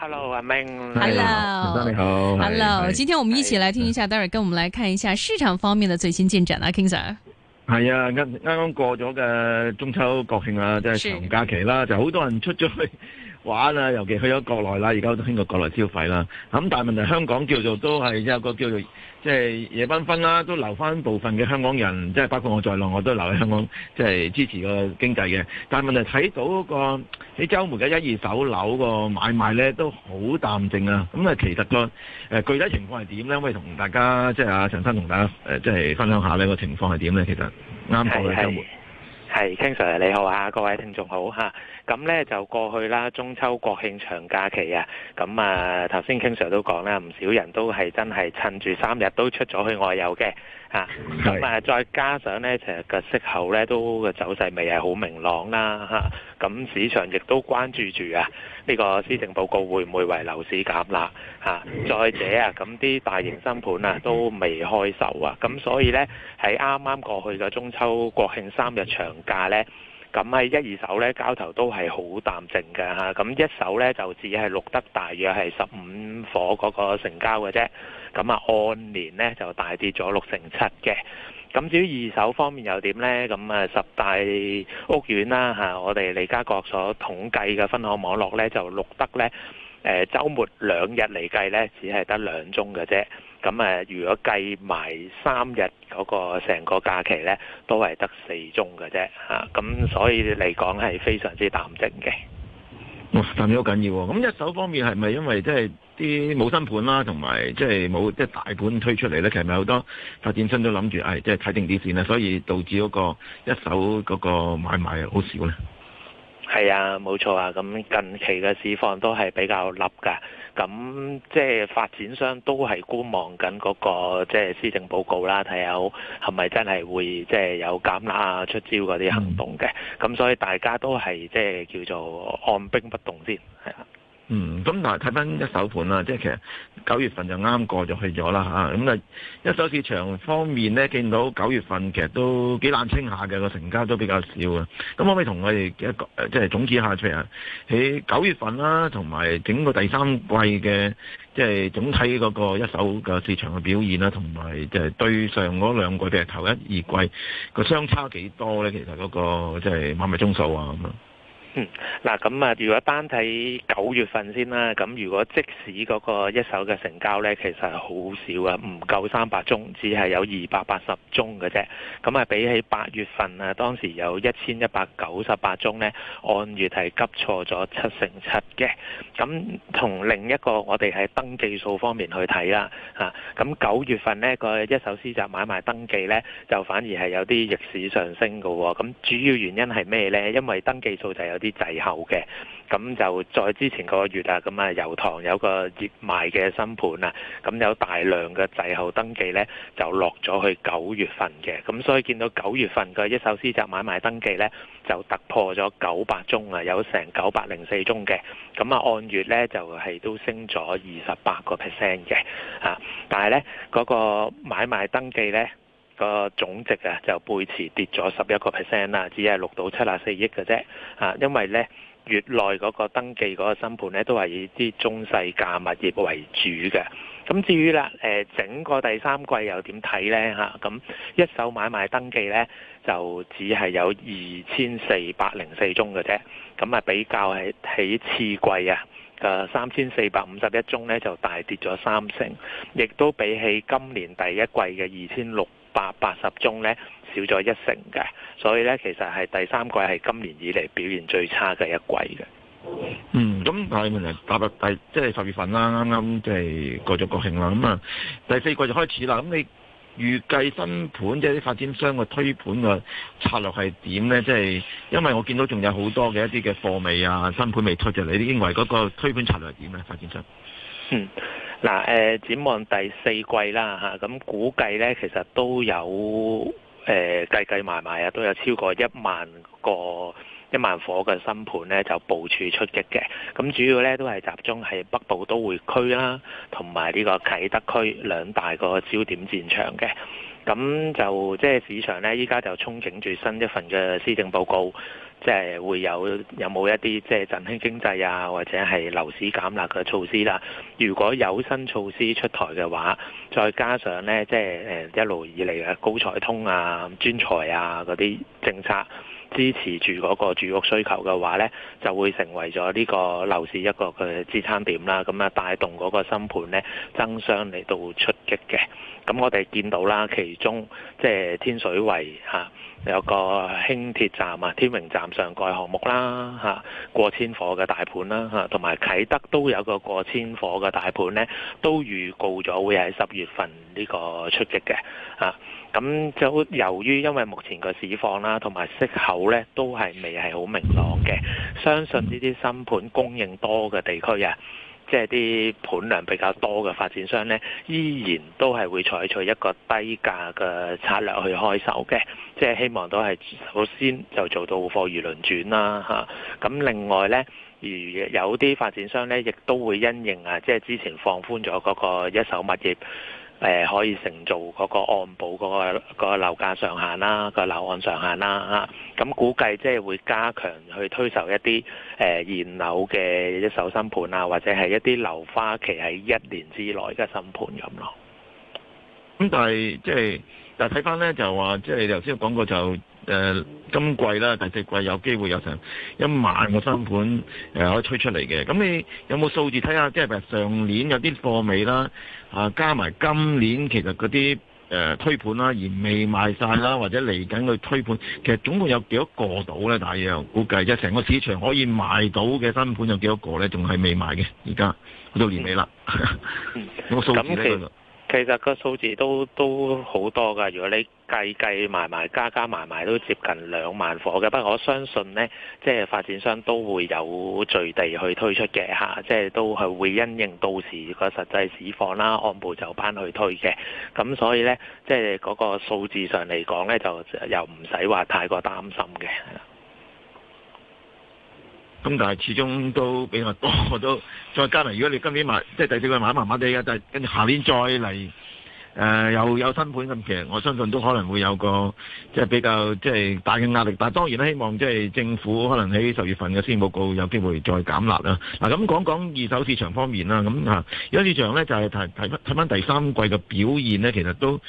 hello 阿明，hello，你好，hello，今天我們一起來聽一下，是待會跟我們來看一下市場方面的最新進展啊，King Sir，係啊，啱啱過咗嘅中秋國慶啊，即係長假期啦，是就好多人出咗去玩啊，尤其去咗國內啦，而家都興過國內消費啦，咁但係問題香港叫做都係有個叫做。即係夜繽紛啦、啊，都留返部分嘅香港人，即、就、係、是、包括我在內，我都留喺香港，即、就、係、是、支持個經濟嘅。但係問題睇到、那個喺週末嘅一二手樓個買賣咧，都好淡靜啊。咁、嗯、啊，其實、那個誒、呃、具體情況係點咧？可以同大家即係阿陳生同大家誒即係分享下呢個情況係點咧？其實啱過嘅週末。係 King Sir，你好啊，各位聽眾好吓。咁、啊、咧就過去啦，中秋國慶長假期啊。咁啊，頭先 King Sir 都講啦，唔少人都係真係趁住三日都出咗去外遊嘅。啊，咁誒，再加上咧，其實個息口咧都個走勢未係好明朗啦，嚇、啊。咁市場亦都關注住啊，呢、這個施政報告會唔會為樓市減辣？嚇、啊，再者啊，咁啲大型新盤啊都未開售啊，咁、啊、所以咧，喺啱啱過去嘅中秋、國慶三日長假咧。咁喺一二手咧，交投都係好淡靜嘅嚇。咁一手咧就只係錄得大約係十五火十五伙嗰個成交嘅啫。咁啊，按年咧就大跌咗六成七嘅。咁至於二手方面又點咧？咁啊，十大屋苑啦嚇，我哋利嘉閣所統計嘅分行網絡咧就錄得咧，誒週末兩日嚟計咧，只係得兩宗嘅啫。咁誒，如果計埋三日嗰個成個假期咧，都係得四宗嘅啫。嚇，咁所以嚟講係非常之淡靜嘅。哦，淡靜好緊要喎。咁一手方面係咪因為即係啲冇新盤啦，同埋即係冇即係大盤推出嚟咧，其實咪好多發展商都諗住誒，即係睇定啲先啦，所以導致嗰個一手嗰個買賣好少咧。係啊，冇錯啊，咁近期嘅市況都係比較笠㗎，咁、嗯、即係發展商都係觀望緊嗰、那個即係施政報告啦，睇下係咪真係會即係有減壓啊出招嗰啲行動嘅，咁、嗯、所以大家都係即係叫做按兵不動先，係啊。嗯，咁嗱睇翻一手盤啦，即係其實九月份就啱過咗去咗啦嚇，咁啊一手市場方面咧，見到九月份其實都幾冷清下嘅，個成交都比較少可可啊。咁可唔可以同我哋嘅一個即係總結下出嚟啊？喺九月份啦，同埋整個第三季嘅即係總體嗰個一手嘅市場嘅表現啦，同埋即係對上嗰兩個月頭一二季個相差幾多咧？其實嗰、那個即係買賣宗數啊咁啊？嗯，嗱咁啊，如果單睇九月份先啦，咁如果即使嗰個一手嘅成交咧，其實係好少啊，唔夠三百宗，只係有二百八十宗嘅啫。咁啊，比起八月份啊，當時有一千一百九十八宗咧，按月係急挫咗七成七嘅。咁同另一個我哋喺登記數方面去睇啦，吓，咁九月份咧個一手私宅買賣登記咧，就反而係有啲逆市上升嘅喎。咁主要原因係咩咧？因為登記數就有啲滯後嘅，咁就再之前個月啊，咁啊油塘有個熱賣嘅新盤啊，咁有大量嘅滯後登記呢，就落咗去九月份嘅，咁所以見到九月份嘅一手私宅買賣登記呢，就突破咗九百宗啊，有成九百零四宗嘅，咁啊按月呢，就係都升咗二十八個 percent 嘅，嚇，但係呢，嗰個買賣登記呢。個總值啊，就背持跌咗十一個 percent 啦，只係六到七十四億嘅啫嚇。因為咧月內嗰個登記嗰個新盤咧都係以啲中細價物業為主嘅。咁至於啦誒、呃、整個第三季又點睇咧嚇？咁、啊、一手買賣登記咧就只係有二千四百零四宗嘅啫。咁啊比較係喺次季啊誒三千四百五十一宗咧就大跌咗三成，亦都比起今年第一季嘅二千六八八十宗呢，少咗一成嘅，所以呢，其實係第三季係今年以嚟表現最差嘅一季嘅。嗯，咁啊，問題踏入第即係、就是、十月份啦，啱啱即係過咗國慶啦，咁啊第四季就開始啦。咁你預計新盤即係啲發展商嘅推盤嘅策略係點呢？即、就、係、是、因為我見到仲有好多嘅一啲嘅貨尾啊，新盤未出嘅，就你認為嗰個推盤策略點呢？發展商？嗯。嗱誒、啊呃，展望第四季啦吓，咁、啊嗯、估計咧，其實都有誒計計埋埋啊，都有超過一萬個一萬伙嘅新盤咧，就部署出擊嘅。咁、嗯、主要咧都係集中喺北部都會區啦，同埋呢個啟德區兩大個焦點戰場嘅。咁就即係市場咧，依家就憧憬住新一份嘅施政報告，即係會有有冇一啲即係振興經濟啊，或者係樓市減壓嘅措施啦、啊。如果有新措施出台嘅話，再加上咧即係誒一路以嚟嘅高才通啊、專才啊嗰啲政策，支持住嗰個住屋需求嘅話呢就會成為咗呢個樓市一個嘅支撐點啦。咁啊，帶動嗰個新盤呢，爭相嚟到出擊嘅。咁我哋見到啦，其中即係、就是、天水圍嚇、啊、有個輕鐵站啊，天榮站上蓋項目啦嚇、啊，過千伙嘅大盤啦嚇，同、啊、埋啟德都有個過千伙嘅大盤呢，都預告咗會喺十月份呢個出擊嘅啊。咁就由於因為目前個市況啦、啊，同埋息口咧都係未係好明朗嘅，相信呢啲新盤供應多嘅地區啊，即係啲盤量比較多嘅發展商咧，依然都係會採取一個低價嘅策略去開售嘅，即係希望都係首先就做到貨如輪轉啦嚇。咁、啊、另外咧，而有啲發展商咧，亦都會因應啊，即係之前放寬咗嗰個一手物業，誒、呃、可以成做嗰個按保嗰個、那個樓價上限啦，那個樓按上限啦嚇，咁、啊、估計即係會加強去推售一啲誒、呃、現樓嘅一手新盤啊，或者係一啲樓花期喺一年之內嘅新盤咁咯。咁但係即係。就是但睇翻咧，就話即係你頭先講過就誒、呃、今季啦，第四季有機會有成一萬個新盤誒可以推出嚟嘅。咁你有冇數字睇下？即係譬如上年有啲貨尾啦，啊加埋今年其實嗰啲誒推盤啦，而未賣晒啦，或者嚟緊去推盤，其實總共有幾多個到咧？大約估計即係成個市場可以賣到嘅新盤有幾多個咧？仲係未賣嘅而家到年尾啦，有冇、嗯、 數字喺邊其實個數字都都好多㗎，如果你計計埋埋、加加埋埋，都接近兩萬夥嘅。不過我相信呢，即係發展商都會有序地去推出嘅嚇，即係都係會因應到時個實際市況啦，按部就班去推嘅。咁所以呢，即係嗰個數字上嚟講呢，就又唔使話太過擔心嘅。咁但係始終都比較多，都再加埋。如果你今年買即係第四季買麻麻地嘅，但係跟住下年再嚟誒又有新盤咁，其實我相信都可能會有個即係比較即係大嘅壓力。但係當然咧，希望即係政府可能喺十月份嘅先報告有機會再減辣啦。嗱，咁講講二手市場方面啦，咁啊，二手市場咧就係睇睇翻睇翻第三季嘅表現咧，其實都。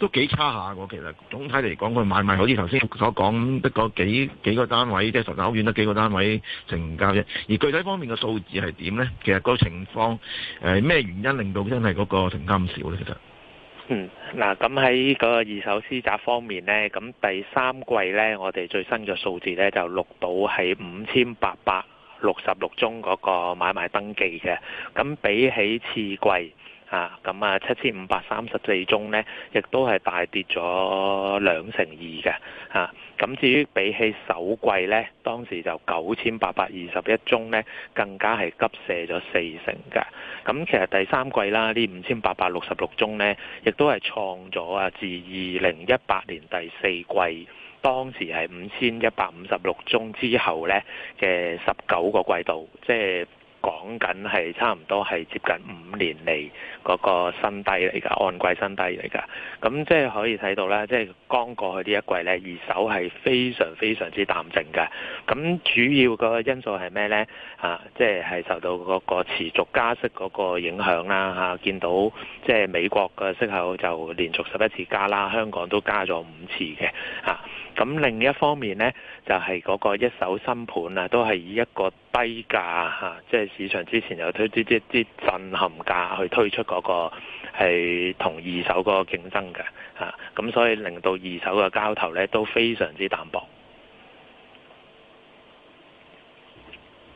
都幾差下喎，其實總體嚟講佢買賣，好似頭先所講，得嗰幾幾個單位，即係十九園得幾個單位成交啫。而具體方面嘅數字係點呢？其實個情況誒咩、呃、原因令到真係嗰個成交咁少呢？其實，嗯，嗱，咁喺個二手私宅方面呢，咁第三季呢，我哋最新嘅數字呢，就錄到係五千八百六十六宗嗰個買賣登記嘅。咁比起次季。啊，咁啊，七千五百三十四宗呢，亦都係大跌咗兩成二嘅，嚇、啊。咁、啊、至於比起首季呢，當時就九千八百二十一宗呢，更加係急瀉咗四成嘅。咁、啊、其實第三季啦，呢五千八百六十六宗呢，亦都係創咗啊，自二零一八年第四季當時係五千一百五十六宗之後呢嘅十九個季度，即係講緊係差唔多係接近五年嚟嗰個新低嚟㗎，按季新低嚟㗎。咁即係可以睇到啦，即係剛過去呢一季咧，二手係非常非常之淡靜㗎。咁主要個因素係咩呢？啊，即係係受到嗰個持續加息嗰個影響啦。嚇、啊，見到即係美國嘅息口就連續十一次加啦，香港都加咗五次嘅。嚇、啊，咁另一方面呢，就係、是、嗰個一手新盤啊，都係以一個低價嚇、啊，即係市場之前有推啲啲啲震撼價去推出。嗰個係同二手嗰個競爭嘅嚇，咁、啊、所以令到二手嘅交投咧都非常之淡薄。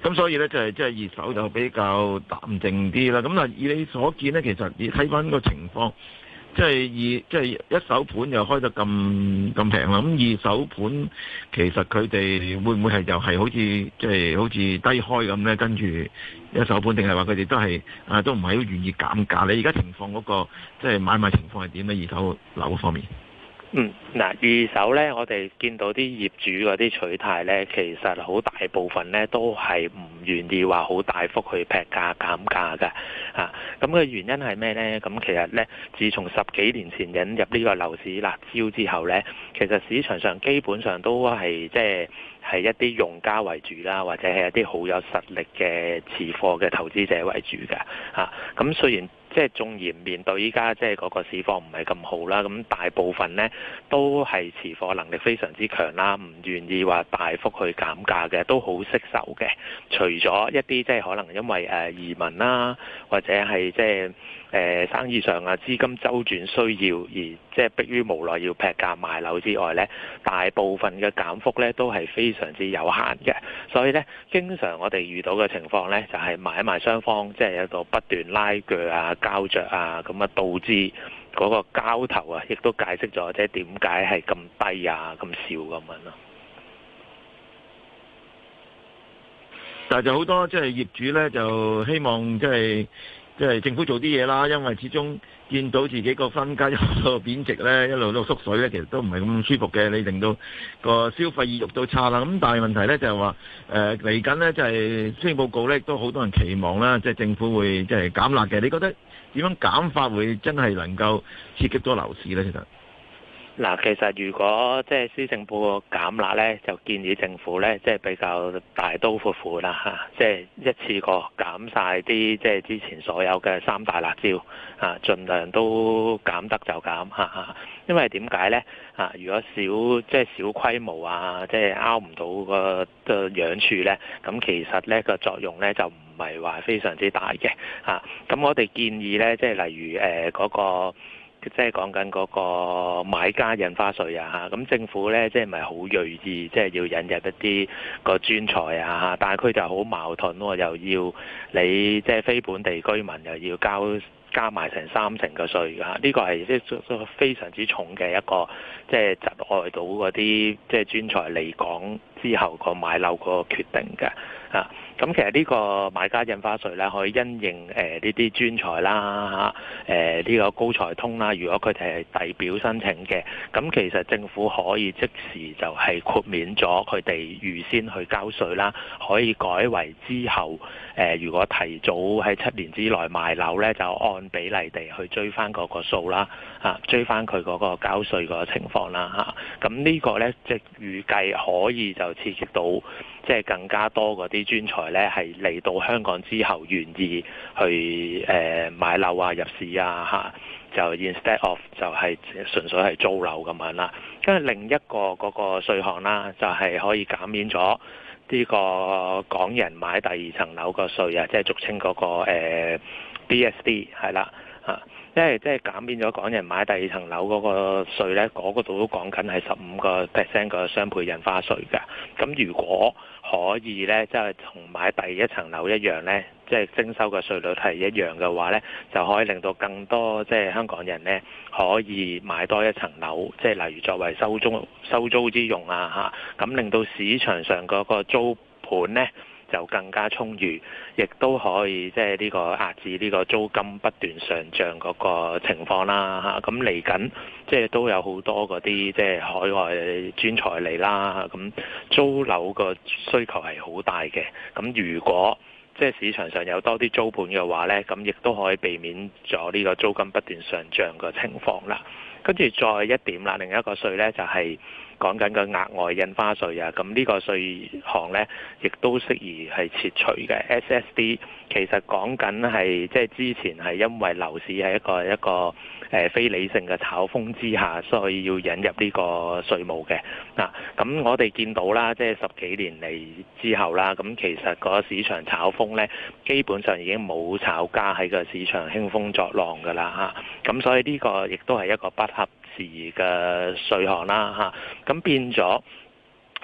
咁所以咧就係即係二手就比較淡靜啲啦。咁嗱，以你所見咧，其實你睇返個情況。即係二，即係一手盤又開得咁咁平啦。咁二手盤其實佢哋會唔會係又係好似即係好似低開咁咧？跟住一手盤定係話佢哋都係啊，都唔係好願意減價。你而家情況嗰個即係買賣情況係點咧？二手樓方面。嗯，嗱二手呢，我哋見到啲業主嗰啲取態呢，其實好大部分呢都係唔願意話好大幅去劈價減價嘅，嚇。咁、啊、嘅原因係咩呢？咁、嗯、其實呢，自從十幾年前引入呢個樓市辣招之後呢，其實市場上基本上都係即係係一啲用家為主啦，或者係一啲好有實力嘅持貨嘅投資者為主嘅，嚇、啊。咁、嗯、雖然即係縱然面對依家即係嗰個市況唔係咁好啦，咁大部分呢都係持貨能力非常之強啦，唔願意話大幅去減價嘅，都好惜售嘅。除咗一啲即係可能因為誒、呃、移民啦、啊，或者係即係，生意上啊，資金周轉需要而即係迫於無奈要劈價賣樓之外呢，大部分嘅減幅呢都係非常之有限嘅。所以呢，經常我哋遇到嘅情況呢，就係買賣雙方即係有個不斷拉鋸啊、膠着啊，咁啊導致嗰個交投啊，亦都解釋咗即係點解係咁低啊、咁少咁樣咯。但係就好多即係業主呢，就希望即係。即係政府做啲嘢啦，因為始終見到自己個身家一路貶值咧，一路都縮水咧，其實都唔係咁舒服嘅。你令到個消費意欲都差啦。咁但係問題咧就係、是、話，誒嚟緊咧就係施政報告咧，都好多人期望啦，即、就、係、是、政府會即係減辣嘅。你覺得點樣減法會真係能夠刺激到樓市咧？其實？嗱，其實如果即係施政報告減辣咧，就建議政府咧，即係比較大刀闊斧啦嚇，即係一次過減晒啲即係之前所有嘅三大辣椒啊，儘量都減得就減嚇，因為點解咧啊？如果小即係小規模啊，即係拗唔到個個樣處咧，咁其實咧個作用咧就唔係話非常之大嘅啊。咁我哋建議咧，即係例如誒嗰個。即係講緊嗰個買家印花稅啊，嚇，咁政府咧即係咪好銳意，即係要引入一啲個專才啊，嚇，但係佢就好矛盾喎、啊，又要你即係非本地居民又要交加埋成三成嘅稅啊，呢、這個係即係非常之重嘅一個，即係窒礙到嗰啲即係專才嚟港之後個買樓個決定嘅啊。咁其實呢個買家印花稅咧，可以因應誒呢啲專才啦嚇，誒、呃、呢、這個高才通啦，如果佢哋係遞表申請嘅，咁其實政府可以即時就係豁免咗佢哋預先去交稅啦，可以改為之後誒、呃、如果提早喺七年之內賣樓咧，就按比例地去追翻嗰個數啦，嚇、啊、追翻佢嗰個交稅情況、啊、個情況啦嚇，咁呢個咧即係預計可以就刺激到。即係更加多嗰啲專才呢，係嚟到香港之後願意去誒、呃、買樓啊、入市啊嚇、啊，就 instead of 就係純粹係租樓咁樣啦。跟、啊、住另一個嗰個稅項啦，就係、是、可以減免咗呢個港人買第二層樓個稅啊，即係俗稱嗰、那個 BSD 係啦。呃因為、啊、即係減免咗港人買第二層樓嗰個稅呢，嗰、嗰、度、個、都講緊係十五個 percent 個雙倍印花稅嘅。咁如果可以呢，即係同買第一層樓一樣呢，即係徵收嘅稅率係一樣嘅話呢，就可以令到更多即係香港人呢，可以買多一層樓，即係例如作為收租收租之用啊嚇，咁、啊、令到市場上嗰個租盤呢，就更加充裕，亦都可以即係呢個壓制呢個租金不斷上漲嗰個情況啦吓，咁嚟緊即係都有好多嗰啲即係海外專才嚟啦，咁、啊啊、租樓個需求係好大嘅。咁、啊、如果即係、就是、市場上有多啲租盤嘅話咧，咁亦都可以避免咗呢個租金不斷上漲嘅情況啦。跟住再一點啦，另一個稅咧就係、是。講緊個額外印花稅啊，咁呢個稅項咧，亦都適宜係撤除嘅。SSD 其實講緊係即係之前係因為樓市係一個一個。一個誒非理性嘅炒風之下，所以要引入呢個稅務嘅嗱。咁、啊、我哋見到啦，即係十幾年嚟之後啦，咁其實個市場炒風呢，基本上已經冇炒家喺個市場興風作浪㗎啦嚇。咁、啊、所以呢個亦都係一個不合時宜嘅稅項啦嚇。咁、啊、變咗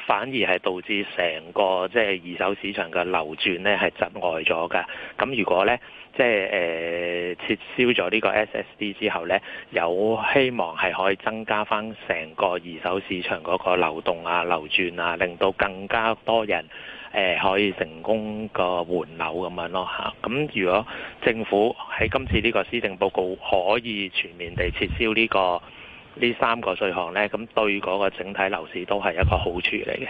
反而係導致成個即係、就是、二手市場嘅流轉呢，係窒礙咗㗎。咁如果呢。即係誒、呃，撤銷咗呢個 SSD 之後呢，有希望係可以增加翻成個二手市場嗰個流動啊、流轉啊，令到更加多人誒、呃、可以成功個換樓咁樣咯嚇。咁、啊、如果政府喺今次呢個施政報告可以全面地撤銷呢、呢個呢三個稅項呢，咁對嗰個整體樓市都係一個好處嚟嘅。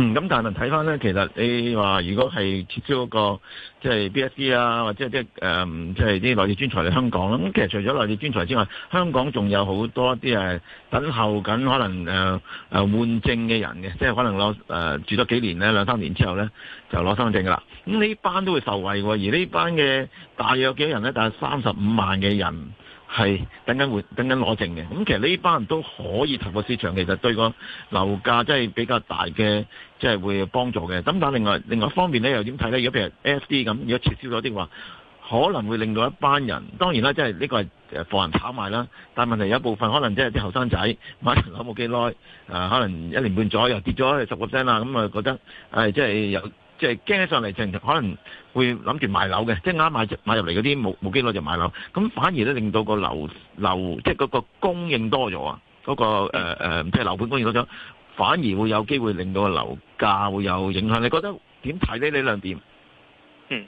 嗯，咁但係睇翻咧，其實你話如果係撤銷嗰個即係 B S D 啊，或者即係誒，即係啲內地專才嚟香港咧，咁其實除咗內地專才之外，香港仲有好多啲誒、呃、等候緊可能誒誒、呃、換證嘅人嘅，即係可能攞誒、呃、住咗幾年咧，兩三年之後咧就攞身份證噶啦。咁、嗯、呢班都會受惠喎，而呢班嘅大約有幾多人咧？大約三十五萬嘅人。係等緊換，等緊攞證嘅。咁、嗯、其實呢班人都可以透過市場，其實對個樓價真係比較大嘅，即係會幫助嘅。咁但係另外另外一方面咧，又點睇咧？如果譬如 SSD 咁，如果撤銷咗啲話，可能會令到一班人，當然啦，即係呢個係誒防人炒賣啦。但係問題有一部分可能即係啲後生仔買樓冇幾耐，誒、呃、可能一年半左右跌咗十個 percent 啦，咁啊、嗯、覺得誒即係有。即係驚起上嚟，就可能會諗住買樓嘅，即係啱買入入嚟嗰啲冇冇幾耐就買樓，咁反而咧，令到個樓樓即係嗰個供應多咗啊，嗰、嗰個誒、呃呃、即係樓盤供應多咗，反而會有機會令到個樓價會有影響。你覺得點睇呢呢兩點？嗯，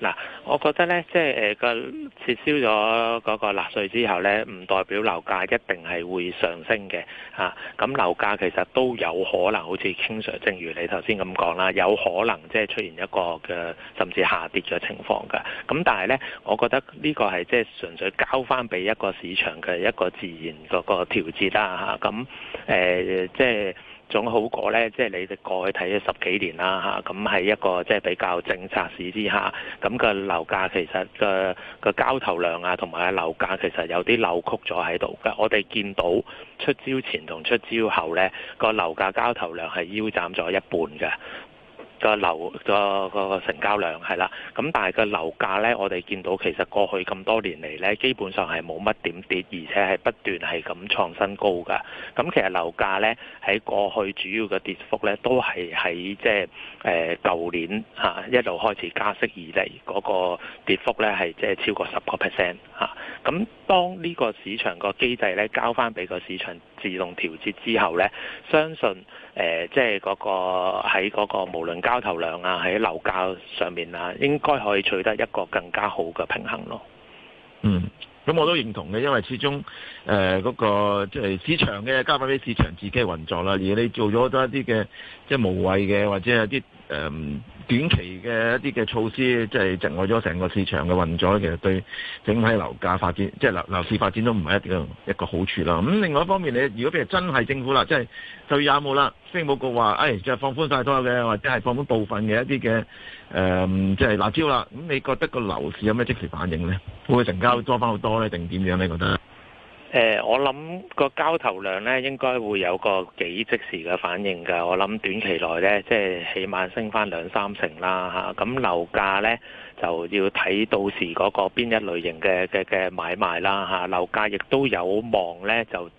嗱，我覺得咧，即係誒、呃、個撤銷咗嗰個辣稅之後咧，唔代表樓價一定係會上升嘅，嚇、啊。咁樓價其實都有可能，好似 King Sir 正如你頭先咁講啦，有可能即係出現一個嘅、呃、甚至下跌嘅情況嘅。咁、啊、但係咧，我覺得呢個係即係純粹交翻俾一個市場嘅一個自然嗰、那個調節啦，吓、啊，咁、啊、誒、呃，即係。總好過呢，即係你哋過去睇咗十幾年啦嚇，咁係一個即係比較政策市之下，咁個樓價其實嘅個交投量啊，同埋樓價其實有啲扭曲咗喺度嘅。我哋見到出招前同出招後呢，個樓價交投量係腰斬咗一半嘅。個樓個個成交量係啦，咁但係個樓價呢，我哋見到其實過去咁多年嚟呢，基本上係冇乜點跌，而且係不斷係咁創新高噶。咁其實樓價呢，喺過去主要嘅跌幅呢，都係喺即係誒舊年嚇、啊、一路開始加息以嚟嗰、嗰個跌幅呢，係即係超過十個 percent 嚇。咁、啊、當呢個市場個機制呢，交翻俾個市場。自動調節之後呢，相信誒、呃、即係嗰個喺嗰個無論交投量啊，喺樓價上面啊，應該可以取得一個更加好嘅平衡咯。嗯。咁、嗯、我都認同嘅，因為始終誒嗰、呃那個即係市場嘅，交返俾啲市場自己運作啦。而你做咗多一啲嘅即係無謂嘅，或者係一啲誒、呃、短期嘅一啲嘅措施，即係窒礙咗成個市場嘅運作。其實對整體樓價發展，即係樓樓市發展都唔係一啲一個好處啦。咁、嗯、另外一方面，你如果譬如真係政府啦，即係就廿冇啦，非武局話誒，就是、放寬晒所有嘅，或者係放寬部分嘅一啲嘅誒，即、呃、係、就是、辣招啦。咁、嗯、你覺得個樓市有咩即時反應咧？會成交多翻好多？我定點樣咧？你覺得誒、呃，我諗個交投量咧，應該會有個幾即時嘅反應㗎。我諗短期內咧，即係起碼升翻兩三成啦嚇。咁、啊、樓價咧就要睇到時嗰個邊一類型嘅嘅嘅買賣啦嚇、啊。樓價亦都有望咧就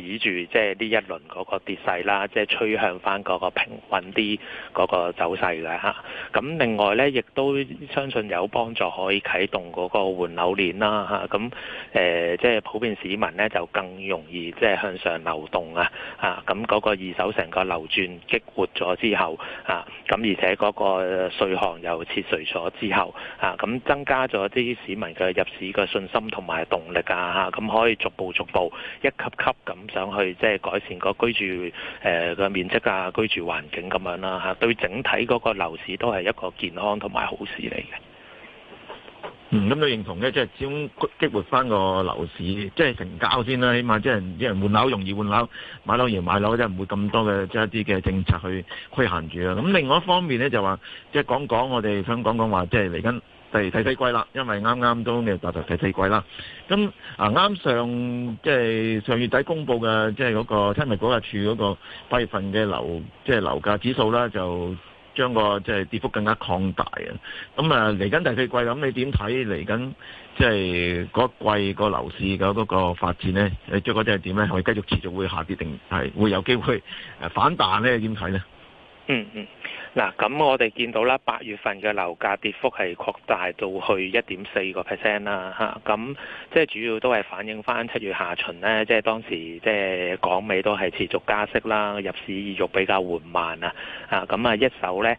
止住即係呢一輪嗰個跌勢啦，即係趨向翻嗰個平穩啲嗰個走勢嘅嚇。咁另外呢，亦都相信有幫助可以啟動嗰個換樓鏈啦嚇。咁誒，即係普遍市民呢，就更容易即係向上流動啊啊！咁嗰個二手成個流轉激活咗之後啊，咁而且嗰個稅項又撤除咗之後啊，咁增加咗啲市民嘅入市嘅信心同埋動力啊嚇。咁可以逐步逐步一級級咁。咁上去即係改善個居住誒個面積啊，居住環境咁樣啦吓，對整體嗰個樓市都係一個健康同埋好事嚟嘅。嗯，咁你認同嘅，即係始終激活翻個樓市，即係成交先啦，起碼即係啲人換樓容易換樓，買樓易買樓，即係唔會咁多嘅即係一啲嘅政策去規限住啊。咁另外一方面咧，就話即係講講我哋想講講話，即係嚟緊。第第四季啦，因為啱啱都未達到第四季啦。咁啊，啱上即係、就是、上月底公布嘅，即係嗰個差估署嗰個八月份嘅樓，即係樓價指數啦，就將、是、個即係、呃就是就是、跌幅更加擴大啊。咁啊，嚟緊第四季咁，你點睇嚟緊即係嗰季個樓市嘅嗰個發展咧？誒，最緊要係點咧？係繼續持續會下跌定係會有機會誒反彈咧？點睇咧？嗯嗯。嗱，咁我哋見到啦，八月份嘅樓價跌幅係擴大到去一點四個 percent 啦，嚇、啊，咁即係主要都係反映翻七月下旬呢，即係當時即係港美都係持續加息啦，入市意欲比較緩慢啊，啊，咁啊一手呢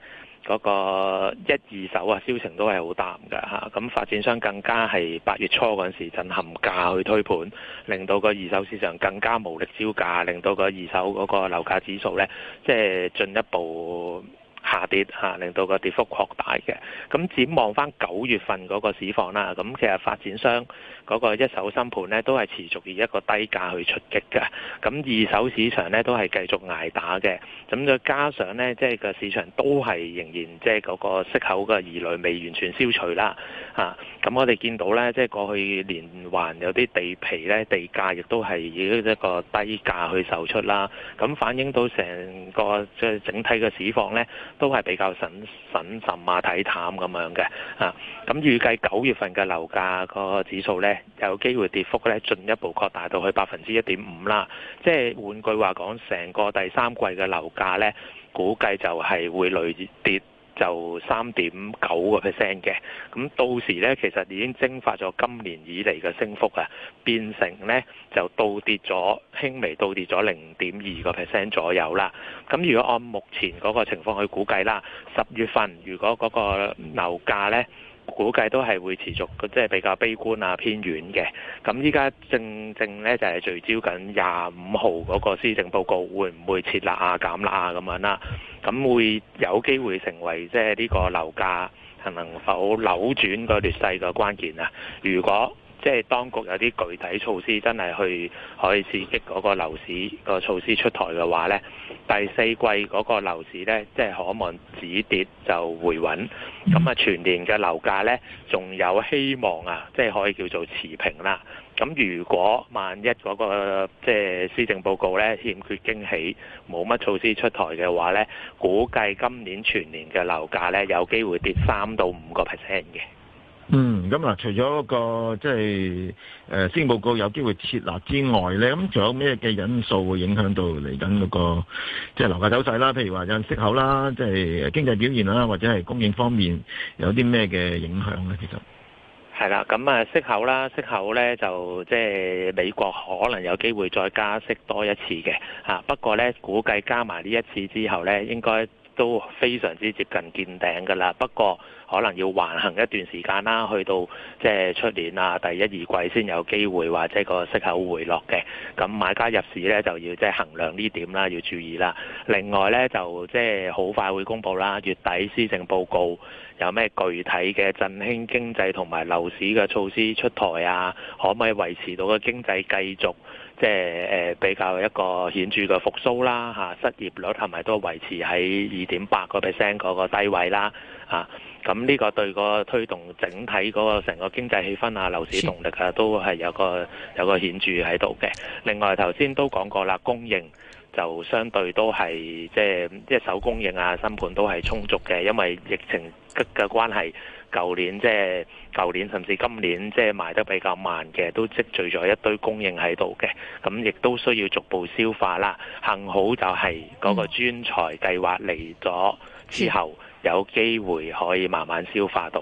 嗰、那個一二手啊銷情都係好淡嘅嚇，咁、啊、發展商更加係八月初嗰陣時震撼價去推盤，令到個二手市場更加無力招架，令到個二手嗰個樓價指數呢，即係進一步。下跌吓、啊，令到個跌幅擴大嘅。咁展望翻九月份嗰個市況啦，咁其實發展商，嗰個一手新盤咧都係持續以一個低價去出擊嘅，咁二手市場咧都係繼續捱打嘅，咁再加上咧即係個市場都係仍然即係嗰個息口嘅疑慮未完全消除啦，啊，咁我哋見到咧即係過去連環有啲地皮咧地價亦都係以一個低價去售出啦，咁反映到成個即係整體嘅市況咧都係比較審審慎啊睇淡咁樣嘅，啊，咁預計九月份嘅樓價個指數咧。有機會跌幅咧，進一步擴大到去百分之一點五啦。即係換句話講，成個第三季嘅樓價咧，估計就係會累跌就三點九個 percent 嘅。咁到時咧，其實已經蒸發咗今年以嚟嘅升幅啊，變成咧就倒跌咗，輕微倒跌咗零點二個 percent 左右啦。咁如果按目前嗰個情況去估計啦，十月份如果嗰個樓價咧，估計都係會持續，即係比較悲觀啊，偏遠嘅。咁依家正正呢，就係聚焦緊廿五號嗰個施政報告，會唔會撤辣啊減辣啊咁樣啦，啊？咁會有機會成為即係呢個樓價係能否扭轉個劣勢嘅關鍵啊。如果即係當局有啲具體措施，真係去可以刺激嗰個樓市個措施出台嘅話呢，第四季嗰個樓市呢，即係可望止跌就回穩。咁啊，全年嘅樓價呢，仲有希望啊，即係可以叫做持平啦。咁如果萬一嗰個即係施政報告呢，欠缺驚喜，冇乜措施出台嘅話呢，估計今年全年嘅樓價呢，有機會跌三到五個 percent 嘅。嗯，咁嗱，除咗嗰個即係施政報告有機會設立之外咧，咁仲有咩嘅因素會影響到嚟緊嗰個即係樓價走勢啦？譬如話有息口啦，即係經濟表現啦，或者係供應方面有啲咩嘅影響咧？其實係啦，咁啊息口啦，息口咧就即係美國可能有機會再加息多一次嘅嚇，不過咧估計加埋呢一次之後咧應該，都非常之接近見頂㗎啦，不過可能要橫行一段時間啦，去到即係出年啊第一二季先有機會或者係個息口回落嘅，咁、嗯、買家入市呢，就要即係衡量呢點啦，要注意啦。另外呢，就即係好快會公布啦，月底施政報告有咩具體嘅振興經濟同埋樓市嘅措施出台啊，可唔可以維持到個經濟繼續？即係誒比較一個顯著嘅復甦啦嚇、啊，失業率係咪都維持喺二點八個 percent 嗰個低位啦嚇？咁、啊、呢個對個推動整體嗰個成個經濟氣氛啊、樓市動力啊，都係有個有個顯著喺度嘅。另外頭先都講過啦，供應就相對都係即係即係一手供應啊、新盤都係充足嘅，因為疫情嘅關係。舊年即係舊年，甚至今年即係賣得比較慢嘅，都積聚咗一堆供應喺度嘅，咁亦都需要逐步消化啦。幸好就係嗰個專才計劃嚟咗之後，有機會可以慢慢消化到。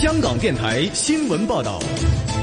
香港電台新聞報道。